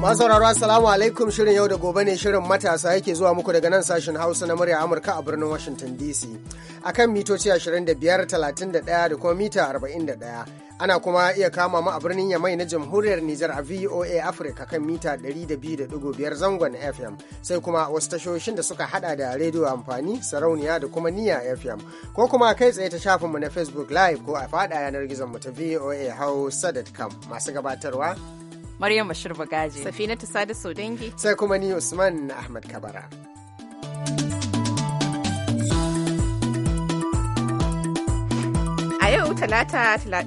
Masu sauraro Assalamu alaikum shirin yau da gobe ne shirin matasa yake zuwa muku daga nan sashen Hausa na murya Amurka a birnin Washington DC. Akan mitoci 25, 31 da kuma mita 41. Ana kuma iya kama mu a birnin Yamai na Jamhuriyar Nijar a VOA Africa kan mita 200.5 zangon FM sai kuma wasu tashoshin da suka hada da rediyo amfani sarauniya da kuma niya FM ko kuma kai tsaye ta shafinmu na Facebook Live ko a fada yanar gizon mu ta VOA Hausa.com masu gabatarwa Maryam Bashir Bagaji. Safina Tusada dangi. Sai kuma ni Usman Ahmad Kabara. A yau talata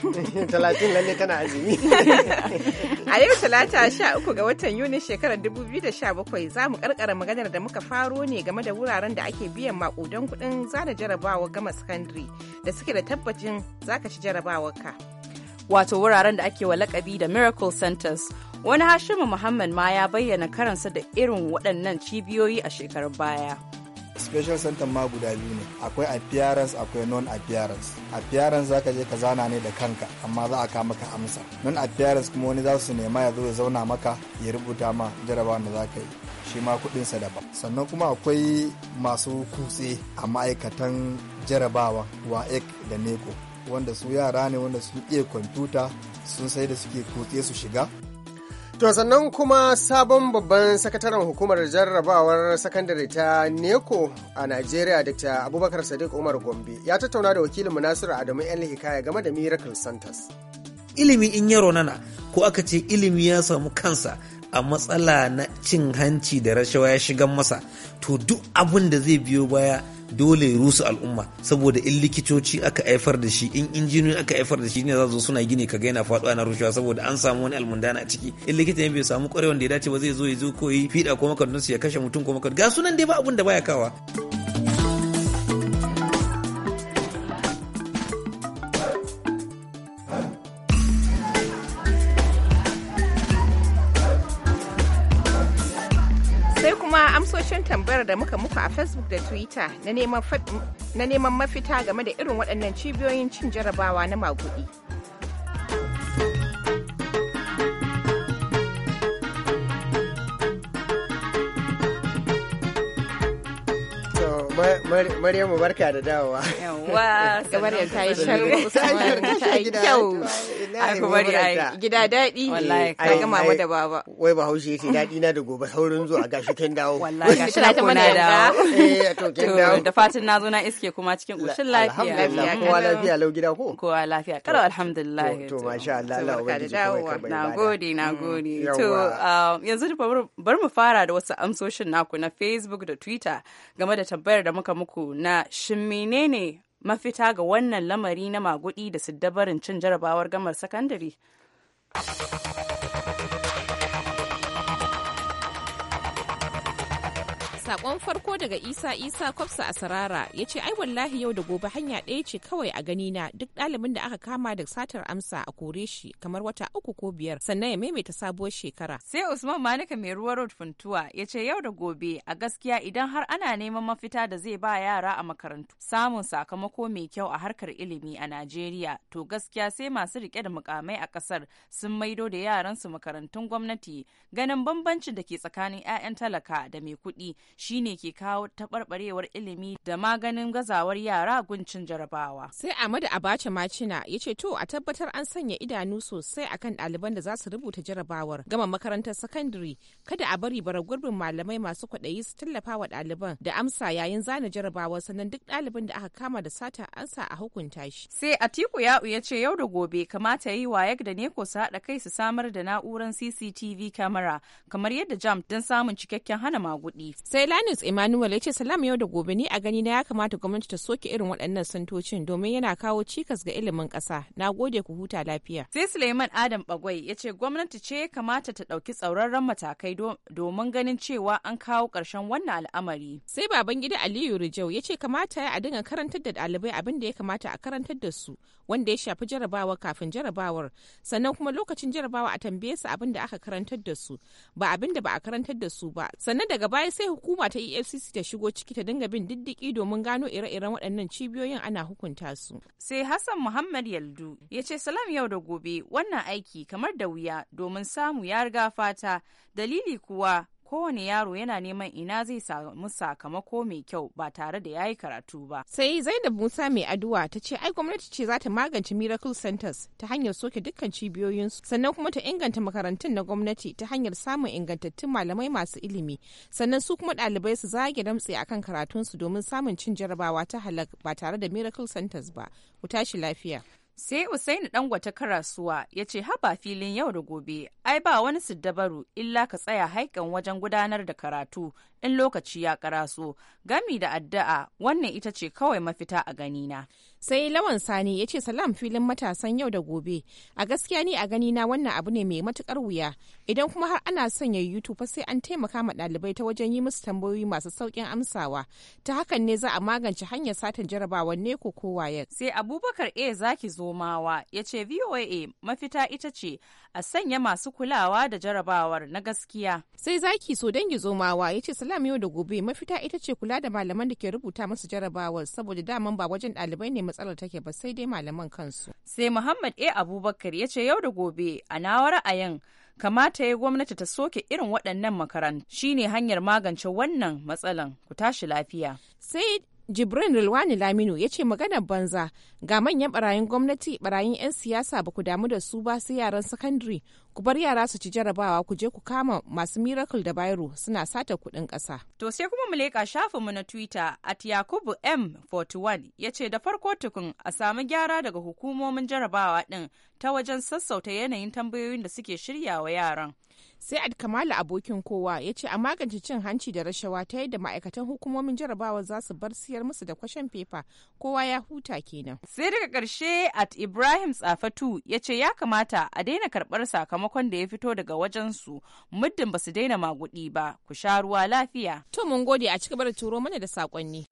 talatin lalle tana azumi. A yau talata sha uku ga watan Yuni shekarar 2017 za mu karkara maganar da muka faro ne game da wuraren da ake biyan makudan kuɗin zana jarabawa gama sakandare da suke da tabbacin zaka ci jarabawar ka. wato wuraren da ake wa lakabi da miracle centers wani hashimu muhammad ma ya bayyana karansa da irin waɗannan cibiyoyi a shekarun baya special center ma guda biyu ne akwai appearance akwai non appearance appearance za ka je ka zana ne da kanka amma za a ka maka amsa non appearance kuma wani za su nema ya zo ya zauna maka ya rubuta ma jarabawan da za ka yi shi ma kudinsa daban sannan kuma akwai masu kutse a ma'aikatan jarabawa wa ek da neko wanda su yara ne wanda sun iya kwamfuta sun sai da suke kutse su shiga To sannan kuma sabon babban sakataren hukumar jarrabawar sakandare ta neko a Najeriya Dr. Abubakar Sadiq Umar Gombe ya tattauna da wakilin Nasiru Adamu yan Hikaya game da Miracle Centers. Ilimi in yaro nana ko aka ce ilimi ya samu kansa a matsala na cin hanci da rashawa ya shigan masa to duk abin da zai biyo baya dole ya rusa al'umma saboda in likitoci aka haifar da shi in injiniyoyi aka haifar da shi ne za zo suna gini kaga yana faɗuwa na rushewa saboda an samu wani almundana a ciki in likita bai samu kwarewa da ya dace ba zai zo ya zo ko yi fiɗa ko su ya kashe mutum ko makarantunsu ga sunan dai ba abun da baya kawa. amsoshin tambayar da muka muku a facebook da twitter na neman mafita game da irin waɗannan cibiyoyin cin jarabawa na maguɗi. Maryamu barka da dawowa. Yawwa, kamar yadda ta yi shirin. Ta yi kyau. ai bari ai gida daɗi wallahi ka gama mama baba wai bahaushe yake daɗi na da gobe saurin zuwa gashi kin dawo wallahi gashi na ta mana da eh to kin dawo da fatin nazo na iske kuma cikin kushin lafiya alhamdulillah kowa lafiya lau gida ko kowa lafiya karo alhamdulillah to masha Allah Allah ubangiji kuma na gode na mm, gode to um, yanzu bar mu fara da wasu amsoshin naku na Facebook da Twitter game da tambayar da muka muku na shin menene mafita ga wannan lamari na magudi da siddabarin cin jarabawar gamar sakandare? sakon farko daga isa isa kwafsa a sarara ya ce ai wallahi yau da gobe hanya ɗaya ce kawai a gani na duk ɗalibin da aka kama da satar amsa a kore shi kamar wata uku ko biyar sannan ya maimaita sabuwar shekara sai usman manika mai ruwa road funtuwa ya ce yau da gobe a gaskiya idan har ana neman mafita da zai ba yara a makarantu samun sakamako mai kyau a harkar ilimi a najeriya to gaskiya sai masu rike da mukamai a ƙasar sun maido da yaransu makarantun gwamnati ganin bambancin da ke tsakanin 'ya'yan talaka da mai kuɗi shine ke kawo taɓarɓarewar ilimi da maganin gazawar yara guncin jarabawa. Sai Ahmadu Abacha Macina ya ce to a tabbatar an sanya idanu sosai akan ɗaliban da za su rubuta jarabawar gama makarantar sakandare kada a bari bara gurbin malamai masu kwaɗayi su tallafa wa ɗaliban da amsa yayin zana jarabawar sannan duk ɗaliban da aka kama da sata ansa a hukunta shi. Sai Atiku Ya'u ya ce yau da gobe kamata yi wayak da neko su haɗa kai su samar da na'urar CCTV kamera kamar yadda jam don samun cikakken hana maguɗi. Sai Silanus Emmanuel ya ce salam yau da gobe ni a gani na ya kamata gwamnati ta soke irin waɗannan santocin domin yana kawo cikas ga ilimin ƙasa. Na gode ku huta lafiya. Sai Suleiman Adam Bagwai ya ce gwamnati ce kamata ta ɗauki tsauraran matakai domin ganin cewa an kawo ƙarshen wannan al'amari. Sai baban gida Aliyu Rijau ya ce kamata a dinga karantar da ɗalibai abin da ya kamata a karantar da su wanda ya shafi jarabawa kafin jarabawar sannan kuma lokacin jarabawa a tambaye su abin da aka karantar da su ba abin da ba a karantar da su ba sannan daga baya sai hukuma hukuma ta efcc ta shigo ciki ta dinga bin diddiki domin gano ire-iren waɗannan cibiyoyin ana hukunta su sai hassan muhammad yaldu ya ce salam yau da gobe wannan aiki kamar da wuya domin samu ya riga fata dalili kuwa kowane yaro yana neman ina zai samu sakamako mai kyau ba tare da ya yi karatu ba. Sai Zainab Musa mai addu'a ta ce ai gwamnati ce za ta magance Miracle Centers ta hanyar soke dukkan cibiyoyinsu sannan kuma ta inganta makarantun na gwamnati ta hanyar samun ingantattun malamai masu ilimi sannan su kuma ɗalibai su zage damtse akan karatunsu domin samun cin jarabawa ta halak ba tare da Miracle Centers ba. Ku tashi lafiya. sai usaini dangwata karasuwa ya ce haba filin yau da gobe ai ba wani siddabaru illa ka tsaya haikan wajen gudanar da karatu in lokaci ya karaso gami da addu'a wannan ita ce kawai mafita a gani na. sai lawan sani ya ce salam filin matasan yau da gobe a gaskiya ni a gani na wannan abu ne mai matukar wuya idan kuma har ana son ya yi fa sai an taimaka ma dalibai ta wajen yi musu tambayoyi masu saukin amsawa ta hakan ne za a magance hanyar satin jarabawan ne ko kowa sai abubakar a zaki zomawa ya ce voa mafita ita ce a sanya masu kulawa da jarabawar na gaskiya sai zaki so dangi zomawa ya ce kalam yau da gobe mafita ita ce kula da malaman da ke rubuta masu jarabawar saboda daman ba wajen ɗalibai ne matsalar take ba sai dai malaman kansu. Sai Muhammad A Abubakar ya ce yau da gobe a nawa ra'ayin kamata ya gwamnati ta soke irin waɗannan makaran shine hanyar magance wannan matsalan ku tashi lafiya. Sai jibrin rilwani laminu ya ce maganar banza ga manyan barayin gwamnati barayin 'yan siyasa ba ku damu da su ba sai yaran sakandare ku bar yara su ci jarabawa ku je ku kama masu miracle da bairo suna sata kudin kasa. to sai kuma mu leƙa shafinmu na twitter at yakubu m 41 ya ce da farko tukun a samu gyara daga hukumomin jarabawa din ta wajen sassauta yanayin tambayoyin da suke shirya wa yaran. sai ad kamala abokin kowa ya ce a magance cin hanci da rashawa ta yadda ma'aikatan hukumomin jarabawa za su bar siyar musu da kwashen fefa kowa ya huta kenan sai daga karshe at ibrahim tsafatu ya ce ya kamata a daina karbar sakamakon da ya fito daga wajen su muddin ba su daina magudi ba ku sha ruwa lafiya to mun gode a cikin da turo mana da sakonni.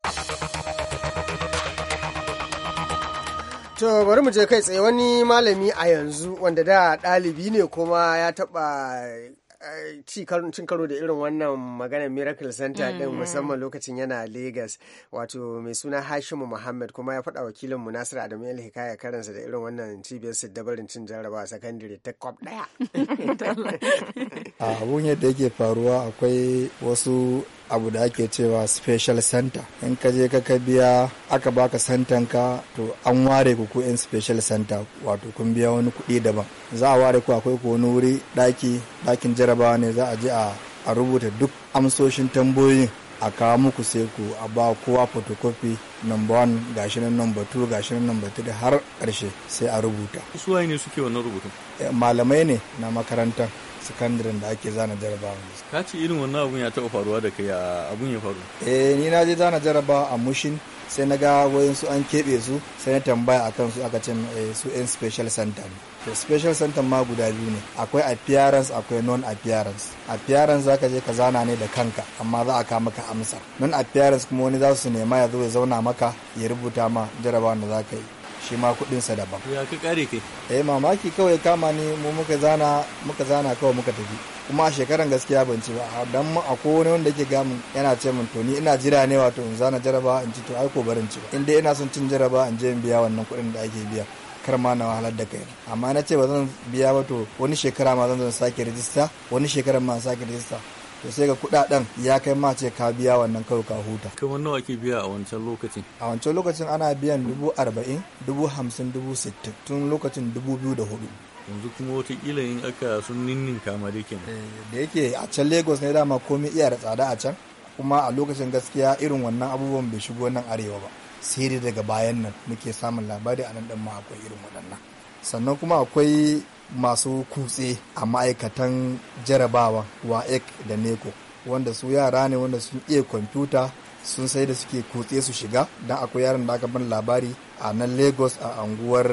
To bari mu je kai tsaye wani malami a yanzu wanda da ɗalibi ne kuma ya taɓa eh, cin karo da irin wannan maganar miracle center din mm. musamman lokacin yana lagos wato mai suna hashimu muhammad kuma ya faɗa wakilin mu nasiru adamu el hikaya karansa da irin wannan cibiyar barin cin jarabawa sakandare ta kwab ɗaya. a abun yadda yake faruwa akwai wasu abu da ake cewa special center in ka je ka biya aka baka santan ka to an ware ku ku in special center wato kun biya wani kuɗi daban za a ware ku akwai ku wani wuri ɗaki ɗakin jarabawa ne za a je a rubuta duk amsoshin tambayoyin a kawo muku sai ku a ba kowa photocopy number one gashi nan number two gashi nan number three har karshe sai a rubuta. Su ne suke wannan rubutun? Eh, malamai ne na makarantar. sakandaren da ake zana jarabawa ka ci irin wannan abun ya taɓa faruwa da kai abun ya faru eh ni na je zana jarabawa a mushin sai na ga wayan su an keɓe su sai na tambaya a kansu aka ce eh, su 'yan special center ne to special center ma guda biyu ne akwai appearance akwai non appearance appearance zaka je ka zana ne da kanka amma za a ka maka amsa non appearance kuma wani za su nema ya zo ya zauna maka ya rubuta ma jarabawan da zaka yi shi ma sa daban ya ka kare kai eh mamaki kawai kama ni mu muka zana muka zana kawai muka tafi kuma a shekaran gaskiya ban ci ba dan mu akwai wani wanda yake gamin yana ce min to ni ina jira ne wato in zana jaraba in ci to ai ko barin ci in dai ina son cin jaraba in je in biya wannan kuɗin da ake biya kar ma na wahalar da kai amma na ce ba zan biya ba to wani shekara ma zan sake rijista wani shekaran ma sake rijista to sai ga kudaden ya kai ma ce ka biya wannan kawai ka huta kamar nawa ake biya a wancan lokacin a wancan lokacin ana biyan dubu arba'in dubu hamsin dubu sittin tun lokacin dubu biyu da hudu yanzu kuma watakila in aka sun ninnin kama da kenan eh, da yake a can lagos ne dama komai iya da tsada a can kuma a lokacin gaskiya irin wannan abubuwan bai shigo nan arewa ba sai daga bayan nan muke samun labari a nan din ma akwai irin waɗannan sannan kuma akwai masu kutse a ma'aikatan jarabawa waec da neco wanda su yara ne wanda sun iya kwamfuta sun sai da suke kutse su shiga don akwai yaran da aka ban labari a nan lagos a anguwar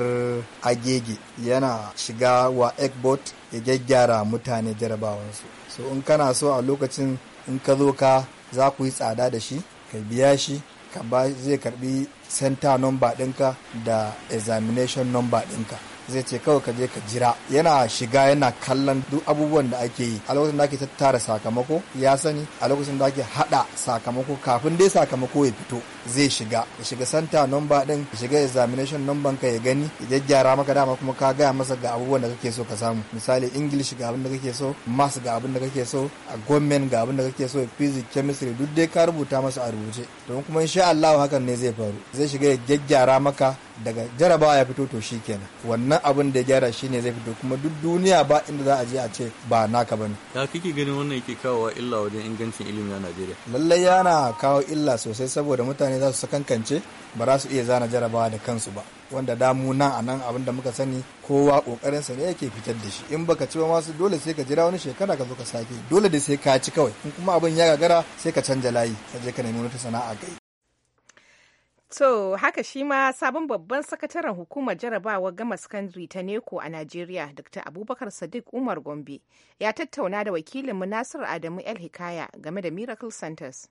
agege yana shiga wa ekbot ya gyaggyara mutane jarabawansu so in kana so a lokacin in ka zo ka za ku yi tsada da shi ka biya shi ka ba zai karbi center number ɗinka da examination number ɗinka zai ce kawai ka je ka jira yana shiga yana kallon duk abubuwan da ake yi a lokacin da ake tattara sakamako ya sani a lokacin da ake hada sakamako kafin dai sakamako ya fito zai shiga ya shiga santa number din ya shiga examination number ka ya gani ya gyara maka dama kuma ka gaya masa ga abubuwan da kake so ka samu misali english ga abin da kake so maths ga abin da kake so a government ga abin da kake so physics chemistry duk dai ka rubuta masa a rubuce don kuma insha Allah hakan ne zai faru zai shiga ya jajjara maka daga jarabawa ya fito to shi kenan wannan abin da ya gyara shi ne zai fito kuma duk duniya ba inda za a je a ce ba naka ne. ya kike ganin wannan yake kawo illa wajen ingancin ilimi a Najeriya lallai yana kawo illa sosai saboda mutane za su sakankance ba za su iya zana jarabawa da kansu ba wanda damu nan a nan abin da muka sani kowa kokarin sa ne yake fitar da shi in baka ci ba masu dole sai ka jira wani shekara ka zo ka sake dole da sai ka ci kawai in kuma abin ya gagara sai ka canja layi ka je ka nemi wata sana'a kai To haka shi ma sabon babban sakataren hukumar jarabawar gama sakandare ta neko a Najeriya Dr. Abubakar Sadiq Umar Gombe ya tattauna da wakilin Nasiru Adamu El Hikaya game da Miracle Centers.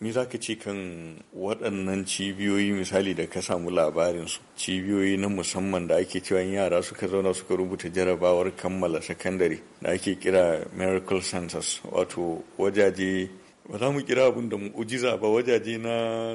Me za ka ce kan waɗannan cibiyoyi misali da ka samu labarinsu cibiyoyi na musamman da ake cewa yara suka zauna suka rubuta jarabawar kammala sakandare da ake kira miracle centers wato wajaje ba za mu kira abin da mu'ujiza ba wajaje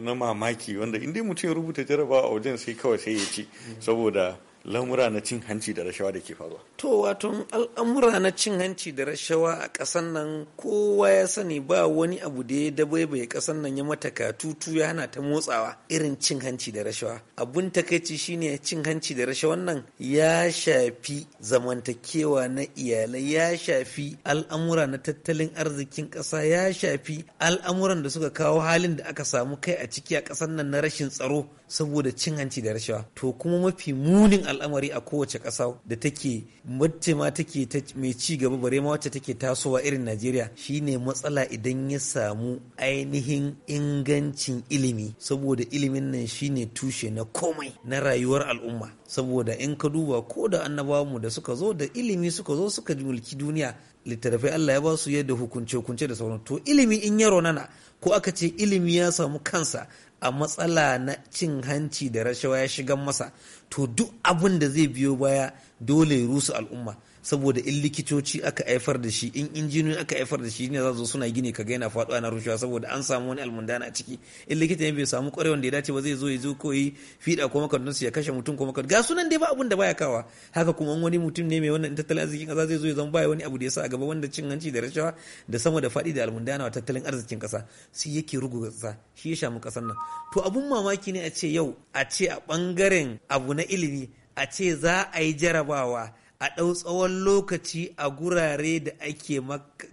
na mamaki wanda inda mutum ya rubuta jarabawa a wajen sai kawai sai ya ci saboda lamura na cin hanci da rashawa da ke faruwa. To wato al'amura na cin hanci da rashawa a ƙasan nan kowa ya sani ba wani abu da ya dabaibaye ƙasan nan ya mata katutu ya hana ta motsawa irin cin hanci da rashawa. Abun takaici shine cin hanci da rashawan nan ya shafi zamantakewa na iyalai ya shafi al'amura na tattalin arzikin ƙasa ya shafi al'amuran da suka kawo halin da aka samu kai a ciki a ƙasan nan na rashin tsaro saboda cin hanci da rashawa to kuma mafi munin al'amari a kowace ƙasa da take wacce ma take mai ci gaba bare ma wacce take tasowa irin Najeriya shine matsala idan ya samu ainihin ingancin ilimi saboda ilimin nan shine tushe na komai na rayuwar al'umma saboda in ka duba ko da annabawanmu da suka zo da ilimi suka zo suka mulki duniya littattafai Allah ya ba su yadda hukunce hukunce da sauran to ilimi in ya ronana ko aka ce ilimi ya samu kansa a matsala na cin hanci da rashawa ya shiga masa to duk abin da zai biyo baya dole ya rusa al'umma saboda in likitoci aka haifar da shi in injiniyoyi aka haifar da shi ne za su suna gini kaga yana faduwa na rushewa saboda an samu wani almundana a ciki in likita ne bai samu kwarewan da ya dace ba zai zo ya zo yi fiɗa ko makarantun su ya kashe mutum ko makarantun ga sunan dai ba abun da baya kawa haka kuma wani mutum ne mai wannan tattalin arzikin kasa zai zo ya zama baya wani abu da ya sa a gaba wanda cin hanci da rashawa da sama da faɗi da almundana wa tattalin arzikin kasa sai yake ruguza kasa shi ya shamu ƙasar nan to abun mamaki ne a ce yau a ce a bangaren abu na ilimi a ce za a yi jarabawa a ɗau tsawon lokaci a gurare da ake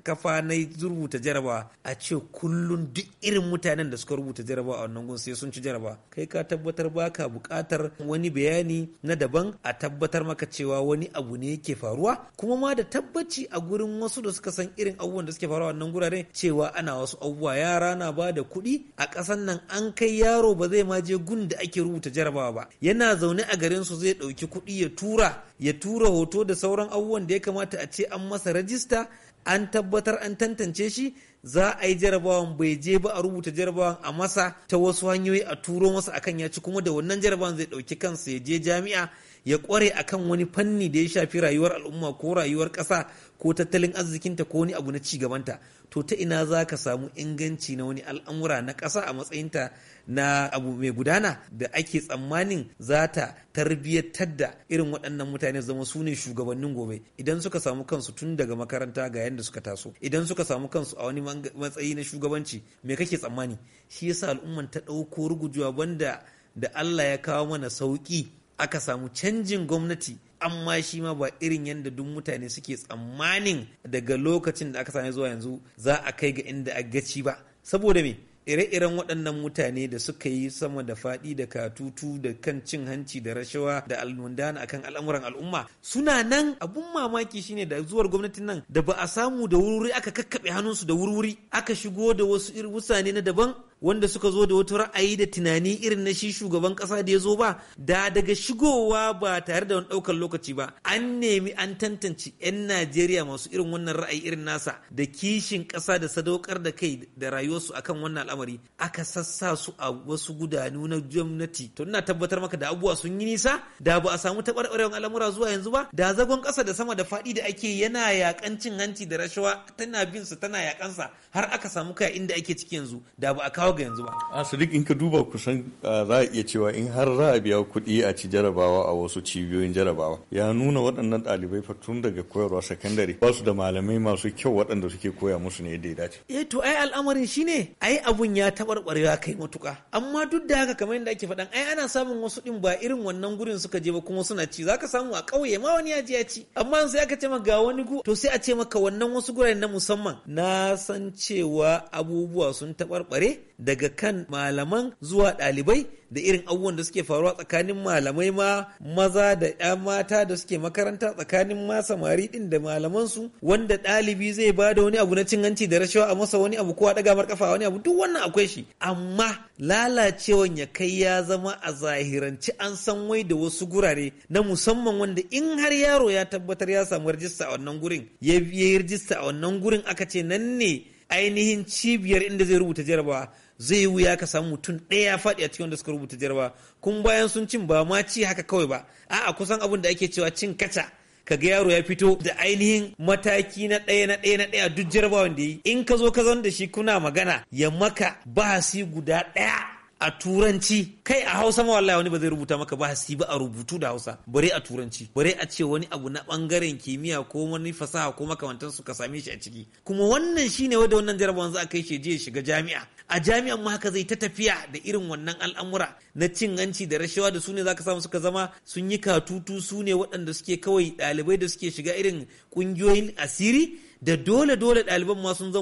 kafa na rubuta jaraba a ce kullum duk irin mutanen da suka rubuta jaraba a wannan gun sai sun ci jaraba kai ka tabbatar baka buƙatar wani bayani na daban a tabbatar maka cewa wani abu ne yake faruwa kuma ma da tabbaci a gurin wasu da suka san irin abubuwan da suke faruwa a wannan gurare cewa ana wasu abubuwa yara na ba da kuɗi a ƙasan nan an kai yaro ba zai ma je gun da ake rubuta jarabawa ba yana zaune a garin su zai ɗauki kuɗi ya tura ya tura hoto hoto da sauran abubuwan da ya kamata a ce an masa rajista an tabbatar an tantance shi za a yi jarabawan bai je ba a rubuta jarabawan a masa ta wasu hanyoyi a turo masa akan ya ci kuma da wannan jarabawan zai ɗauki kansa ya je jami'a ya kware akan wani fanni da ya shafi rayuwar al'umma ko rayuwar ƙasa ko tattalin arzikinta ko wani abu na cigabanta to ta ina za ka samu inganci na wani al'amura na ƙasa a matsayinta na abu mai gudana da ake tsammanin za ta tarbiyyatar da irin waɗannan mutane zama su ne shugabannin gobe idan suka samu kansu tun daga makaranta ga yadda suka taso idan suka samu kansu a wani matsayi na shugabanci me kake tsammani shi yasa al'umman ta ɗauko rugujuwa banda da Allah ya kawo mana sauƙi aka samu canjin gwamnati amma shi ma ba irin yadda duk mutane suke tsammanin daga lokacin da aka same zuwa yanzu za a kai ga inda a gaci ba saboda me ire-iren waɗannan mutane da suka yi sama da faɗi da katutu da kan cin hanci da rashawa da almundana akan al'amuran al'umma suna nan abun mamaki shine da zuwar gwamnatin nan da ba a samu da wuri aka kakkaɓe hannunsu da wuri aka shigo da wasu irin mutane na daban wanda suka zo da wata ra'ayi da tunani irin na shi shugaban kasa da ya zo ba da daga shigowa ba tare da wani ɗaukar lokaci ba an nemi an tantance 'yan najeriya masu irin wannan ra'ayi irin nasa da kishin kasa da sadaukar da kai da rayuwarsu akan wannan al'amari aka sassa su a wasu gudanu na gwamnati to ina tabbatar maka da abubuwa sun yi nisa da ba a samu taɓarɓarewar al'amura zuwa yanzu ba da zagon ƙasa da sama da faɗi da ake yana yakan cin hanci da rashawa tana bin su tana yakansa har aka samu kai inda ake ciki yanzu da ba a kawo ga yanzu ba a ah, sadiq in ka duba kusan ah, za a iya cewa in har za a biya kuɗi a ci jarabawa a wasu cibiyoyin jarabawa ya nuna waɗannan ɗalibai fa tun daga koyarwa sakandare ba su da malamai masu kyau waɗanda suke koya musu ne yadda ya dace eh to ai al'amarin shine ai abun ya taɓarɓarewa kai matuƙa amma duk da haka kamar yadda ake faɗan ai ana samun wasu ɗin ba irin wannan gurin suka je ba kuma suna ci zaka samu a ƙauye ma wani ya je ya ci amma sai aka ce ma ga wani gu to sai a ce maka wannan wasu gurare na musamman na san cewa abubuwa sun taɓarɓare daga kan malaman zuwa ɗalibai da irin abubuwan da suke faruwa tsakanin malamai ma maza da 'ya mata da suke makaranta tsakanin ma samari ɗin da malamansu wanda ɗalibi zai ba da wani abu na cin hanci da rashawa a masa wani abu ko a ɗaga mar kafa wani abu duk wannan akwai shi amma lalacewan ya kai ya zama a zahiranci an san wai da wasu gurare na musamman wanda in har yaro ya tabbatar ya samu rajista a wannan gurin ya yi rajista a wannan gurin aka ce nan ne ainihin cibiyar inda zai rubuta jarabawa zai yi wuya ka samu mutum ɗaya faɗi a cikin wanda suka rubuta jarba kun bayan sun cin ba ma ci haka kawai ba a'a kusan abin da ake cewa cin kaca ka ga yaro ya fito da ainihin mataki na ɗaya na ɗaya na ɗaya duk jarabawan da yi in ka zo ka zan da shi kuna magana ya maka bahasi guda ɗaya a turanci kai a hausa ma wallahi wani ba zai rubuta maka ba hasi ba a rubutu da hausa bare a turanci bare a ce wani abu na bangaren kimiyya ko wani fasaha ko makamantan su ka same shi a ciki kuma wannan shine wanda wannan jarabawan za a kai shi je shiga jami'a a jami'an mu haka zai ta tafiya da irin wannan al'amura na cin hanci da rashawa da su ne zaka samu suka zama sun yi katutu su ne waɗanda suke kawai ɗalibai da suke shiga irin ƙungiyoyin asiri da dole dole ɗaliban ma sun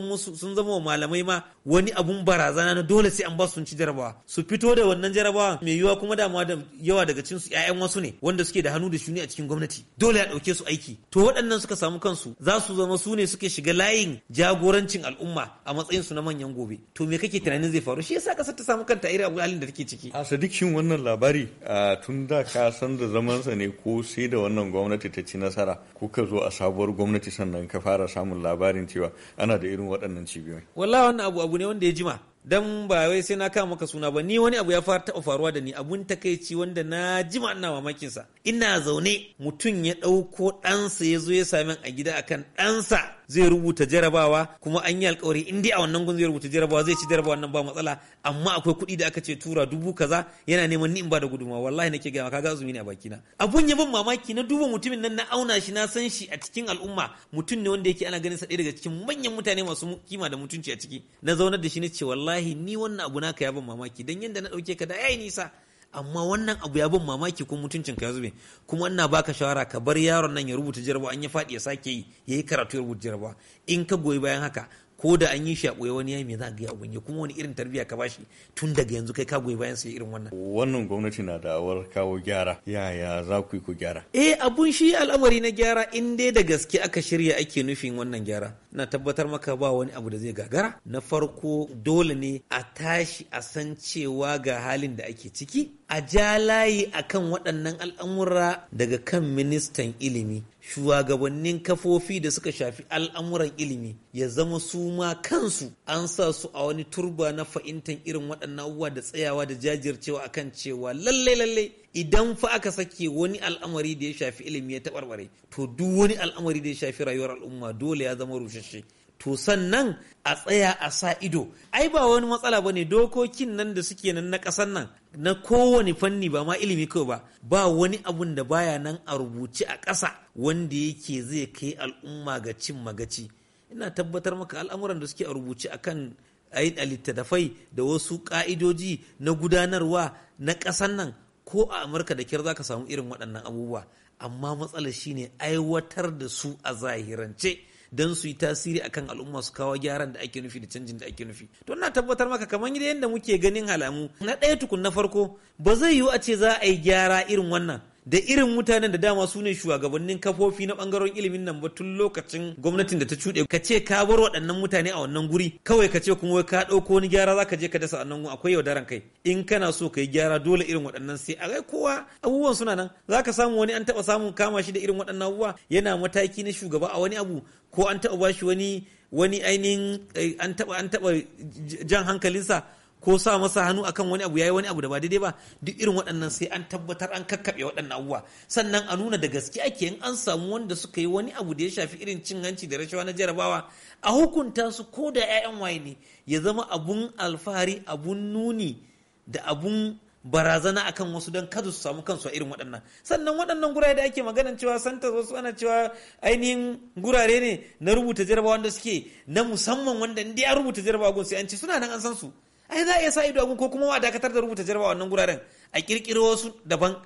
zama wa malamai ma wani abun barazana na dole sai an ba su ci jarabawa su fito da wannan jarabawa mai yiwuwa kuma dama da yawa daga cikin su ƴaƴan wasu ne wanda suke da hannu da shuni a cikin gwamnati dole ya ɗauke su aiki to waɗannan suka samu kansu za su zama su ne suke shiga layin jagorancin al'umma a matsayin su na manyan gobe to me kake tunanin zai faru shi yasa kasar ta samu kanta irin abu halin da take ciki a sadik shin wannan labari tun da ka san da zamansa ne ko sai da wannan gwamnati ta ci nasara ko ka zo a sabuwar gwamnati sannan ka fara samun samun labarin cewa ana da irin waɗannan cibiyoyi wallahi wannan abu abu ne wanda ya jima dan ba wai sai na kama maka suna ba ni wani abu ya fara taɓa faruwa da ni abun takaici wanda na jima ina mamakin sa ina zaune mutum ya ɗauko ɗansa ya zo ya sami a gida akan ɗansa zai rubuta jarabawa kuma an yi alkawari in dai a wannan gun zai rubuta jarabawa zai ci jarabawa nan ba matsala amma akwai kuɗi da aka ce tura dubu kaza yana neman ni in ba da guduma wallahi nake gaya kaga azumi ne a bakina abun ya ban mamaki na duba mutumin nan na auna shi na san shi a cikin al'umma mutum ne wanda yake ana ganin sa ɗaya daga cikin manyan mutane masu kima da mutunci a ciki na zaunar da shi na ce wallahi ni wannan abu naka ya mamaki dan yanda na ɗauke ka da yayi nisa amma wannan abu ya bin mamaki ko mutuncin ka ya zube kuma ina baka shawara ka bar yaron nan ya rubuta jarabawa an ya faɗi ya sake yi ya yi karatu ya rubuta jarabawa in ka goyi bayan haka ko da an yi shi a ɓoye wani yayi me za a gaya abin ya kuma wani irin tarbiyya ka bashi tun daga yanzu kai ka goyi bayan sai irin wannan wannan gwamnati na da awar kawo gyara yaya za ku yi ku gyara eh abun shi al'amari na gyara in dai da gaske aka shirya ake nufin wannan gyara na tabbatar maka ba wani abu da zai gagara na farko dole ne a tashi a san cewa ga halin da ake ciki a ja layi a kan waɗannan al'amura daga kan ministan ilimi shugabannin kafofi da suka shafi al'amuran ilimi ya zama su ma kansu an sa su a wani turba na fa'intan irin waɗannan abubuwa da tsayawa da jajircewa akan cewa lallai lallai idan fa aka sake wani al'amari da ya shafi ilimi ya taɓarɓare to duk wani al'amari da ya shafi rayuwar al'umma dole ya zama rushasshe to sannan a tsaya a sa ido ai ba wani matsala ba ne dokokin nan da suke nan na ƙasar nan na kowane fanni ba ma ilimi kawai ba ba wani abun da baya nan a rubuce a ƙasa wanda yake zai kai al'umma ga cin magaci ina tabbatar maka al'amuran da suke a rubuce akan a littattafai da wasu ƙa'idoji na gudanarwa na ƙasan nan ko a amurka da kyar za ka samu irin waɗannan abubuwa amma matsalar shine aiwatar da su a zahirance don su yi tasiri akan al'umma su kawo gyaran da ake nufi da canjin da ake nufi to na tabbatar maka kamar yadda muke ganin alamu na ɗaya tukun na farko ba zai yiwu a ce za a yi gyara irin wannan da irin mutanen da dama su ne shugabannin kafofi na bangaren ilimin nan ba tun lokacin gwamnatin da ta cuɗe ka ce ka bar waɗannan mutane a wannan guri kawai ka ce kuma ka ɗauko wani gyara za ka je ka dasa a nan akwai yaudaran kai in kana so ka yi gyara dole irin waɗannan sai a kowa abubuwan suna nan zaka samu wani an taɓa samun kama shi da irin waɗannan abubuwa yana mataki na shugaba a wani abu ko an taɓa bashi wani wani ainihin eh, an taɓa jan hankalinsa ko sa masa hannu akan wani abu yayi wani abu da ba daidai ba duk irin waɗannan sai an tabbatar an kakkaɓe waɗannan abubuwa sannan a nuna da gaske ake in an samu wanda suka yi wani abu da ya shafi irin cin hanci da rashawa na jarabawa a hukunta su ko da 'ya'yan waye ne ya zama abun alfahari abun nuni da abun barazana akan wasu don kada su samu kansu a irin waɗannan sannan waɗannan gurare da ake magana cewa santa wasu ana cewa ainihin gurare ne na rubuta jarabawa wanda suke na musamman wanda in dai an rubuta jarabawa gun sai an ci suna nan an san su ai za a iya sa ido a ko kuma a dakatar da rubuta jarabawa wannan guraren a kirkiro wasu daban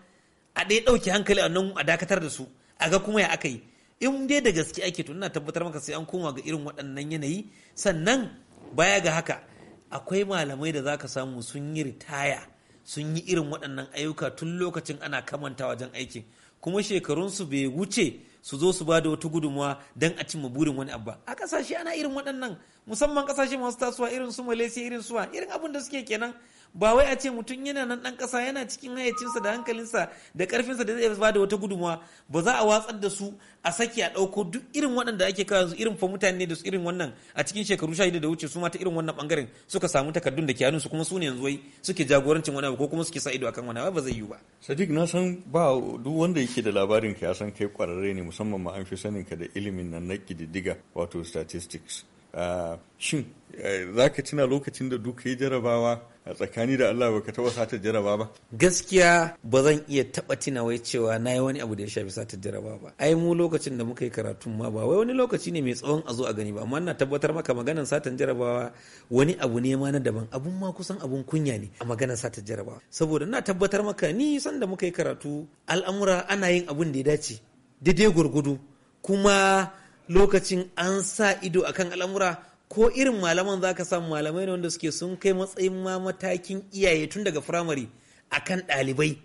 a ɗaya ɗauki hankali a nan a dakatar da su a ga kuma ya aka yi in dai da gaske ake to ina tabbatar maka sai an koma ga irin waɗannan yanayi sannan baya ga haka akwai malamai da zaka samu sun yi ritaya sun yi irin waɗannan ayyuka tun lokacin ana kamanta wajen aikin kuma shekarunsu bai wuce su zo su ba da wata gudunmawa don a cimma burin wani abu a kasashe ana irin waɗannan musamman kasashe masu tasowa irin su malaysia irin suwa irin abin da suke kenan ba wai a ce mutum yana nan dan kasa yana cikin hayacinsa da hankalinsa da karfinsa da zai ba da wata gudunmawa ba za a watsar da su a saki a dauko duk irin waɗanda ake kawo su irin fa mutane da su irin wannan a cikin shekaru sha da wuce su ma ta irin wannan bangaren suka samu takardun da ke su kuma su ne yanzu wai suke jagorancin wani abu ko kuma suke sa ido akan wani abu ba zai yiwu ba. Sadiq na san ba duk wanda yake da labarin ka ya san kai kwararre ne musamman ma an fi sanin ka da ilimin nan na kididdiga wato statistics. Uh, shin uh, za ka tuna lokacin da duk ya jarabawa a tsakani da Allah ba ka taɓa sata jaraba ba? Gaskiya ba zan iya taɓa tuna wai cewa na yi wani abu da ya shafi sata jaraba ba. Ai mu lokacin da muka yi karatun ma ba wai wani lokaci ne mai tsawon a zo a gani ba amma na tabbatar maka maganar satan jarabawa wani abu ne ma na daban abun ma kusan abun kunya ne a maganar satan jarabawa. Saboda na tabbatar maka ni sanda muka yi karatu al'amura ana yin abun da ya dace daidai gwargwado kuma lokacin an sa ido akan al'amura ko irin malaman za ka samu malamai ne wanda suke sun kai matsayin ma matakin iyaye tun daga firamare akan ɗalibai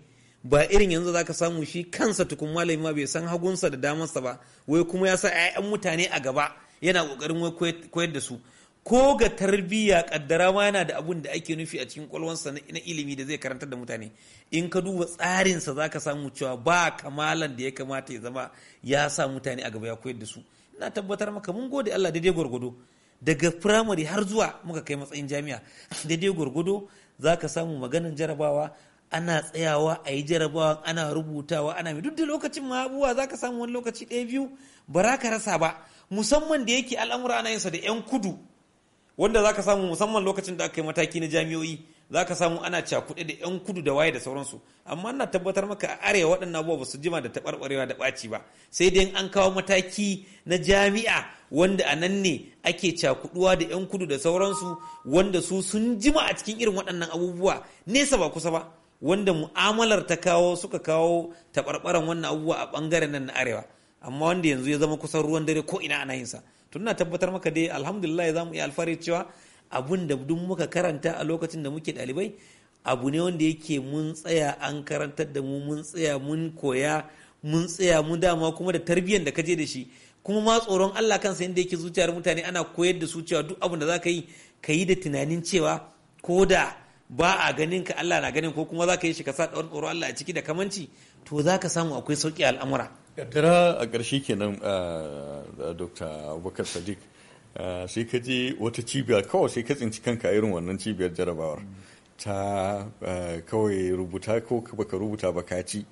ba irin yanzu za ka samu shi kansa tukun malami ma bai san hagunsa da damansa ba wai kuma ya sa 'ya'yan mutane a gaba yana ƙoƙarin wai koyar da su ko ga tarbiyya kaddara ma yana da abun da ake nufi a cikin kwalwansa na ilimi da zai karantar da mutane in ka duba tsarinsa za ka samu cewa ba kamalan da ya kamata ya zama ya sa mutane a gaba ya koyar da su na tabbatar maka mun gode Allah daidai gwargwado daga firamare har zuwa muka kai matsayin jami'a daidai gwargwado za ka samu maganin jarabawa ana tsayawa a yi jarabawa ana rubutawa ana mai duk da lokacin ma abubuwa za ka samu wani lokaci ɗaya biyu ba za ka rasa ba musamman da yake al'amura ana yin yinsa da 'yan kudu wanda za ka samu musamman lokacin da aka kai mataki na jami'o'i za ka samu ana cakuɗe da 'yan kudu da waye da sauransu amma na tabbatar maka a arewa waɗannan abubuwa ba su jima da taɓarɓarewa da ɓaci ba sai dai an kawo mataki na jami'a wanda a nan ne ake cakuɗuwa da 'yan kudu da sauransu wanda su sun jima a cikin irin waɗannan abubuwa nesa ba kusa ba wanda mu'amalar ta kawo suka kawo taɓarɓaran wannan abubuwa a ɓangaren nan na arewa amma wanda yanzu ya zama kusan ruwan dare ko ina ana yinsa tun na tabbatar maka dai alhamdulillah za mu iya alfahari cewa abun da duk muka karanta a lokacin da muke ɗalibai abu ne wanda yake mun tsaya an karantar da mu mun tsaya mun koya mun tsaya mun dama kuma da tarbiyyar da kaje da shi kuma ma tsoron Allah kansa yadda yake zuciyar mutane ana koyar da su cewa duk abin da za ka yi ka yi da tunanin cewa ko da ba a ganin ka Allah na ganin ko kuma za ka yi shi ka sa ɗaurin tsoron Allah a ciki da kamanci to za ka samu akwai sauƙi al'amura. Kaddara a ƙarshe kenan ah, Dr. Abubakar Sadiq Eh, sai ka je wata cibiyar kawai sai ka tsinci kanka irin wannan cibiyar jarabawar ta eh, kawai rubuta ko baka rubuta ba ka ci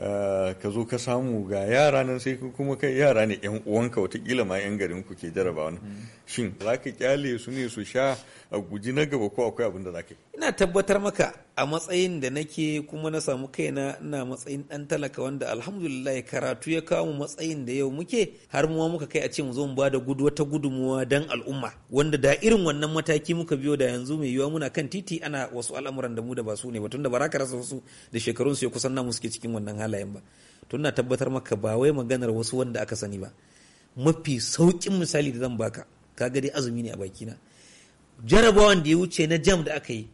eh, ka zo ka samu ga yara nan sai kuma kai yara ne yan uwanka watakila ma yan garin ku ke jarabawa shin za ka kyale su ne su sha a guji na gaba ko akwai abin da za ka yi ina tabbatar maka a matsayin da nake kuma na samu kaina ina matsayin dan talaka wanda alhamdulillah karatu ya kawo mu matsayin da yau muke har mu muka kai a ce mu zo mu bada gudu wata gudumawa dan al'umma wanda da irin wannan mataki muka biyo da yanzu mai yiwuwa muna kan titi ana wasu al'amuran da mu da ba su ne ba tunda baraka rasa wasu da shekarun su ya kusan namu suke cikin wannan halayen ba tun na tabbatar maka ba wai maganar wasu wanda aka sani ba mafi saukin misali da zan baka kaga dai azumi ne a bakina jarabawan da ya wuce na jam da aka yi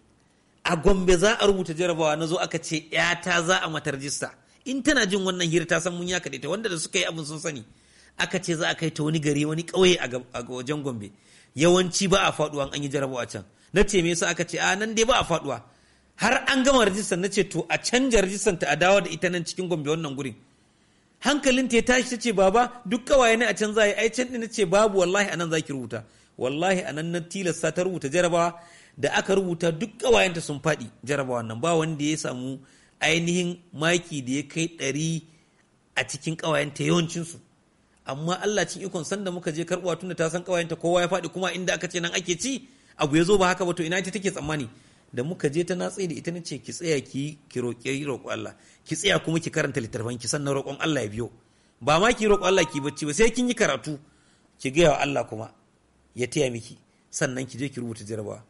a gombe za a rubuta jarabawa na zo aka ce yata za a mata rajista in tana jin wannan hira ta san mun ya kaɗe ta wanda da suka yi abin sun sani aka ce za a kai ta wani gari wani ƙauye a wajen gombe yawanci ba a faɗuwa an yi jarabawa can na ce me yasa aka ce a nan dai ba a faɗuwa har an gama rajistar na ce to a canja rajistar ta a dawo da ita nan cikin gombe wannan gurin hankalinta ya tashi ta ce baba duk kawaye ne a can za yi ai can ɗin ce babu wallahi anan za ki rubuta wallahi anan na tilasta ta rubuta jarabawa da aka rubuta duk kawayenta sun faɗi jarabawa nan ba wanda ya samu ainihin maki da ya kai ɗari a cikin ta yawancin su amma Allah cin ikon san da muka je karɓuwa tunda ta san ta kowa ya faɗi kuma inda aka ce nan ake ci abu ya zo ba haka ba to ina ita take tsammani da muka je ta na tsaye da ita na ce ki tsaya ki ki roƙe roƙo Allah ki tsaya kuma ki karanta littattafan ki sannan roƙon Allah ya biyo ba ma ki roƙo Allah ki bacci ba sai kin yi karatu ki gaya wa Allah kuma ya taya miki sannan ki je ki rubuta jarabawa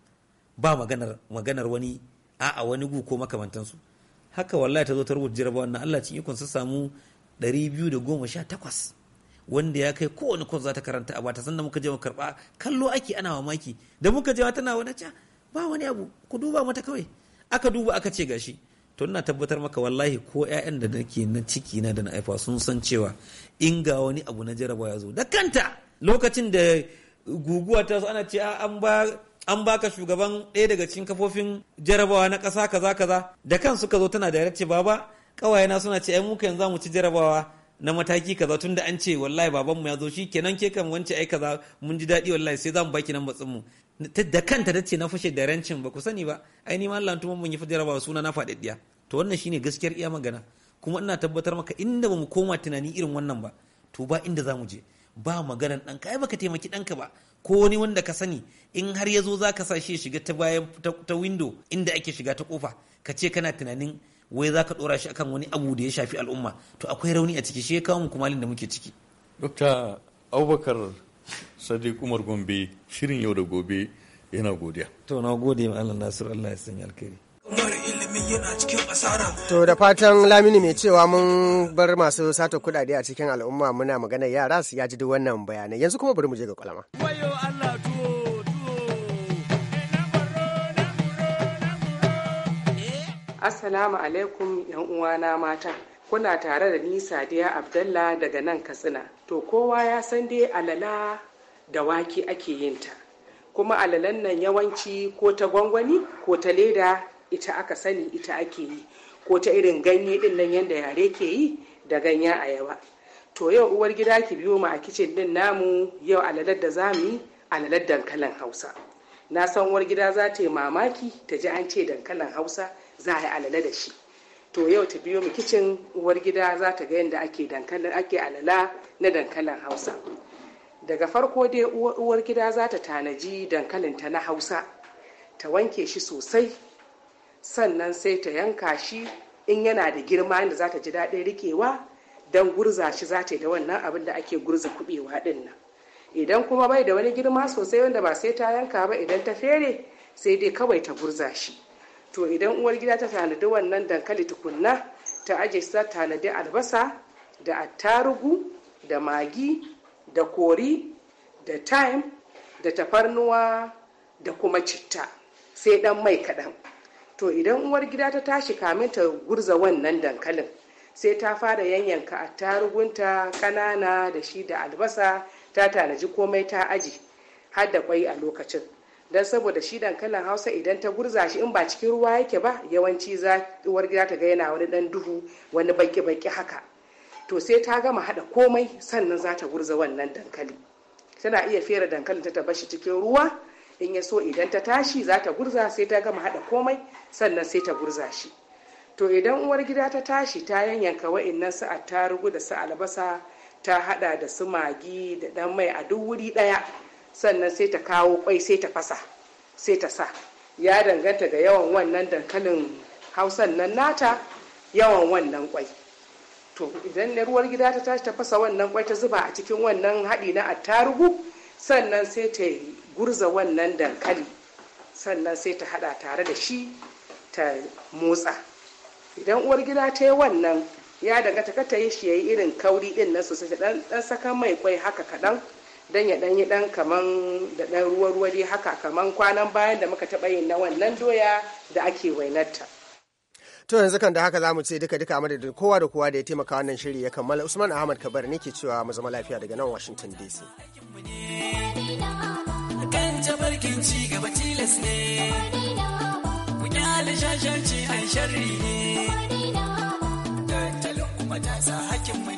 ba maganar maganar wani a'a wani gu ko makamantansu haka wallahi ta zo ta rubuta jarabawa na Allah cikin ikon sa samu 218 wanda ya kai kowane kwan za ta karanta a ta sannan muka je mu karba kallo ake ana mamaki da muka je tana wani ca ba wani abu ku duba mata kawai aka duba aka ce gashi to ina tabbatar maka wallahi ko ƴaƴan da nake na ciki na da na haifa sun san cewa in ga wani abu na jaraba ya zo da kanta lokacin da guguwa ta ana ce an ba an baka shugaban ɗaya daga cikin kafofin jarabawa na ƙasa kaza kaza da kan suka zo tana da ce baba ƙawayena suna ce ai muka yanzu mu ci jarabawa na mataki kaza tun da an ce wallahi babanmu ya zo shi kenan ke kan wance ai kaza mun ji daɗi wallahi sai zamu baki nan matsin mu da kanta ta ce na fashe da rancin ba ku sani ba ai ni ma Allah tuma mun yi fajira ba suna na faɗaɗɗiya to wannan shine gaskiyar iya magana kuma ina tabbatar maka inda mu koma tunani irin wannan ba to ba inda zamu je ba maganar dan ai baka taimaki ɗanka ba ko wani wanda ka sani in har ya zo za ka sashe shiga ta bayan ta windo inda ake shiga ta kofa ka ce kana tunanin wai za ka ɗora shi akan wani abu da ya shafi al'umma to akwai rauni a ciki shi ya kawo mu kumalin da muke ciki. dokta abubakar sadiq umar gombe shirin yau da gobe yana godiya to na gode ma Allah Nasiru Allah ya sanya alkhairi yana cikin asara. To da fatan lamini mai cewa mun bar masu sata kudade a cikin al'umma muna magana yara su ya ji duk wannan bayanai yanzu kuma bari mu je ga kwalama. Wayo Allah Assalamu alaikum yan uwana mata. Kuna tare da ni Sadiya Abdalla daga nan Katsina. To kowa ya san dai alala da wake ake yin ta kuma alalan nan yawanci ko ta gwangwani ko ta leda ita aka sani ita ake yi ko ta irin ganye din nan yadda yare ke yi da a yawa. to yau uwar gida ki biyo mu a kicin din namu yau alalar da zamu yi alalar dankalin hausa na san uwar gida za ta yi mamaki ta ji an ce dankalin hausa za a yi alala da shi to yau ta biyo mu kicin uwar gida za ta ga yadda ake dankalin ake alala na dankalin hausa daga farko dai uwar gida za ta tanaji dankalinta na hausa ta wanke shi sosai sannan sai ta yanka shi in yana da girma inda za ta ji daɗin rikewa don gurza shi za ta yi da wannan abin da ake gurza kuɓewa ɗin nan idan kuma bai da wani girma sosai wanda ba sai ta yanka ba idan ta fere sai dai kawai ta gurza shi to idan uwar gida ta tanadi wannan dankali tukunna ta aje ta tanadi albasa da attarugu da magi da kori da time da tafarnuwa da kuma citta sai dan mai kaɗan to idan uwar gida ta tashi kamin ta gurza wannan dankalin sai ta fara yanyanka attarugunta kanana da shi da albasa ta tanaji komai ta aji har da kwai a lokacin don saboda shi dankalin hausa idan ta gurza shi in ba cikin ruwa yake ba yawanci za uwar gida ta ga yana wani dan duhu wani baki baki haka to sai ta gama haɗa komai sannan za ta gurza wannan dankali tana iya fere dankalin ta tabashi cikin ruwa in ya so idan ta tashi za ta gurza sai ta gama haɗa komai sannan sai ta gurza shi to idan uwar gida ta tashi ta yanyanka wa'innan su attarugu da su albasa ta haɗa da su magi da dan mai a duk wuri ɗaya sannan sai ta kawo kwai sai ta fasa sai ta sa ya danganta ga yawan wannan dankalin hausan nan nata yawan wannan kwai to idan na ruwar gida ta tashi ta fasa wannan kwai ta zuba a cikin wannan haɗi na attarugu sannan sai ta gurza wannan dankali sannan sai ta haɗa tare da shi ta motsa idan uwar gida ta yi wannan ya daga ta ta yi shi ya yi irin kauri ɗin na sosai ɗan saka mai kwai haka kaɗan dan ya ɗan yi ɗan kaman da ɗan ruwa ruwa dai haka kaman kwanan bayan da muka taɓa yin na wannan doya da ake wainarta. To yanzu kan da haka za mu ce duka duka da kowa da kowa da ya taimaka wannan shiri ya kammala Usman Ahmad Kabar ne ke cewa mu zama lafiya daga nan Washington DC. Kan jabarkin ci gaba tilas ne, ku kyale shashanci an sharri ne, tattalin kuma ta sa hakkin